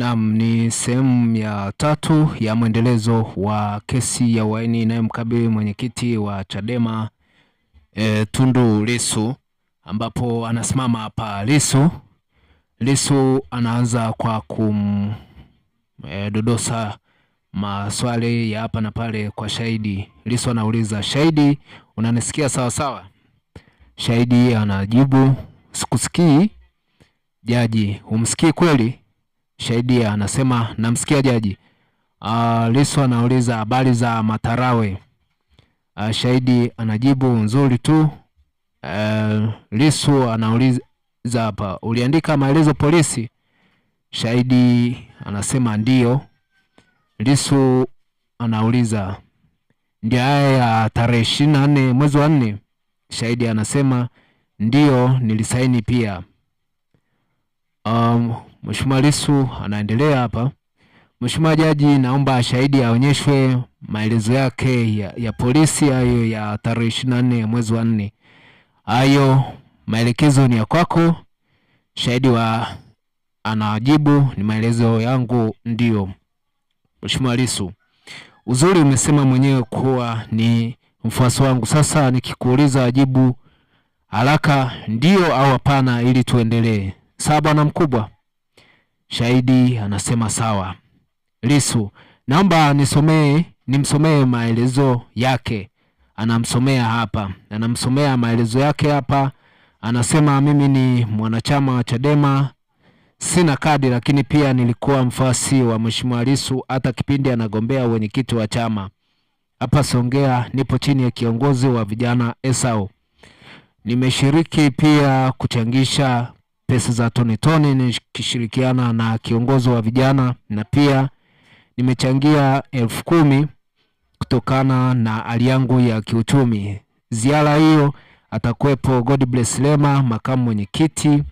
Naam, ni sehemu ya tatu ya mwendelezo wa kesi ya uhaini inayomkabili mwenyekiti wa Chadema e, Tundu Lissu ambapo anasimama hapa Lissu. Lissu anaanza kwa kumdodosa e, maswali ya hapa na pale kwa shahidi. Lissu anauliza, shahidi, unanisikia sawa sawa? Shahidi anajibu, sikusikii. Jaji, umsikii kweli? Shaidia anasema namsikia jaji. Uh, Lissu anauliza habari za Matarawe. Uh, Shahidi anajibu nzuri tu. Uh, Lissu anauliza hapa, uliandika maelezo polisi? Shahidi anasema ndio Lissu anauliza ndio haya ya tarehe ishirini na nne mwezi wa nne? Shahidi anasema ndio nilisaini pia. Um, Mheshimiwa Lissu anaendelea hapa. Mheshimiwa Jaji, naomba shahidi aonyeshwe maelezo yake ya, ya polisi hayo ya tarehe ishirini na nne ya mwezi wa nne. Hayo maelekezo ni ya kwako. Shahidi wa anajibu ni maelezo yangu ndio. Mheshimiwa Lissu, uzuri umesema mwenyewe kuwa ni mfuasi wangu. Sasa nikikuuliza ajibu haraka ndio au hapana, ili tuendelee. Sawa bwana mkubwa. Shahidi anasema sawa. Lisu, naomba nisomee, nimsomee maelezo yake. Anamsomea hapa, anamsomea maelezo yake hapa. Anasema mimi ni mwanachama wa Chadema, sina kadi, lakini pia nilikuwa mfasi wa Mheshimiwa Lisu hata kipindi anagombea wenyekiti wa chama hapa Songea. Nipo chini ya kiongozi wa vijana Esau. Nimeshiriki pia kuchangisha pesa za Tony Tony nikishirikiana na kiongozi wa vijana, na pia nimechangia elfu kumi kutokana na hali yangu ya kiuchumi. Ziara hiyo atakuwepo bless Lema, makamu mwenyekiti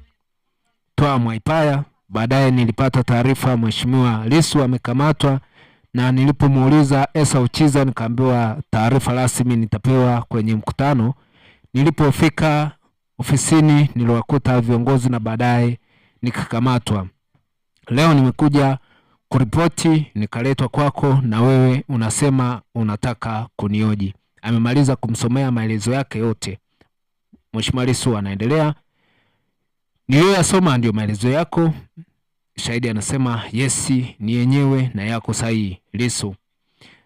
toa Mwaipaya. Baadaye nilipata taarifa Mheshimiwa Lissu amekamatwa, na nilipomuuliza Esa Uchiza nikaambiwa taarifa rasmi nitapewa kwenye mkutano. Nilipofika Ofisini niliwakuta viongozi na baadaye nikakamatwa. Leo nimekuja kuripoti, nikaletwa kwako, na wewe unasema unataka kunioji. Amemaliza kumsomea maelezo yake yote. Mheshimiwa Lissu anaendelea, niliyoyasoma ndiyo maelezo yako. Shahidi anasema yesi, ni yenyewe na yako sahihi. Lissu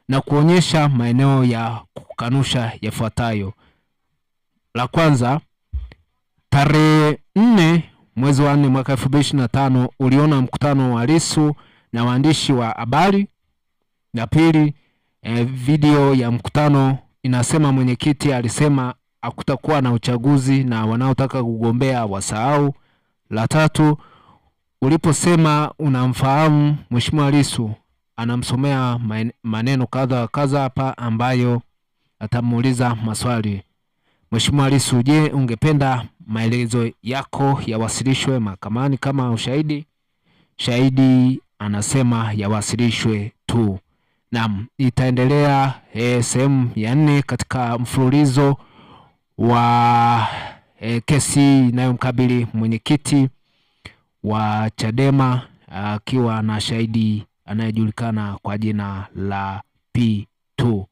na kuonyesha maeneo ya kukanusha yafuatayo. La kwanza Tarehe nne mwezi wa nne mwaka elfu mbili ishirini na tano uliona mkutano wa Lissu na waandishi wa habari. Na pili, eh, video ya mkutano inasema mwenyekiti alisema hakutakuwa na uchaguzi na wanaotaka kugombea wasahau. La tatu, uliposema unamfahamu Mheshimiwa Lissu, anamsomea maneno kadha wa kadha hapa ambayo atamuuliza maswali. Mheshimiwa Lissu, je, ungependa maelezo yako yawasilishwe mahakamani kama ushahidi. Shahidi anasema yawasilishwe tu. Naam, itaendelea e, sehemu ya nne katika mfululizo wa e, kesi inayomkabili mwenyekiti wa Chadema akiwa na shahidi anayejulikana kwa jina la P2.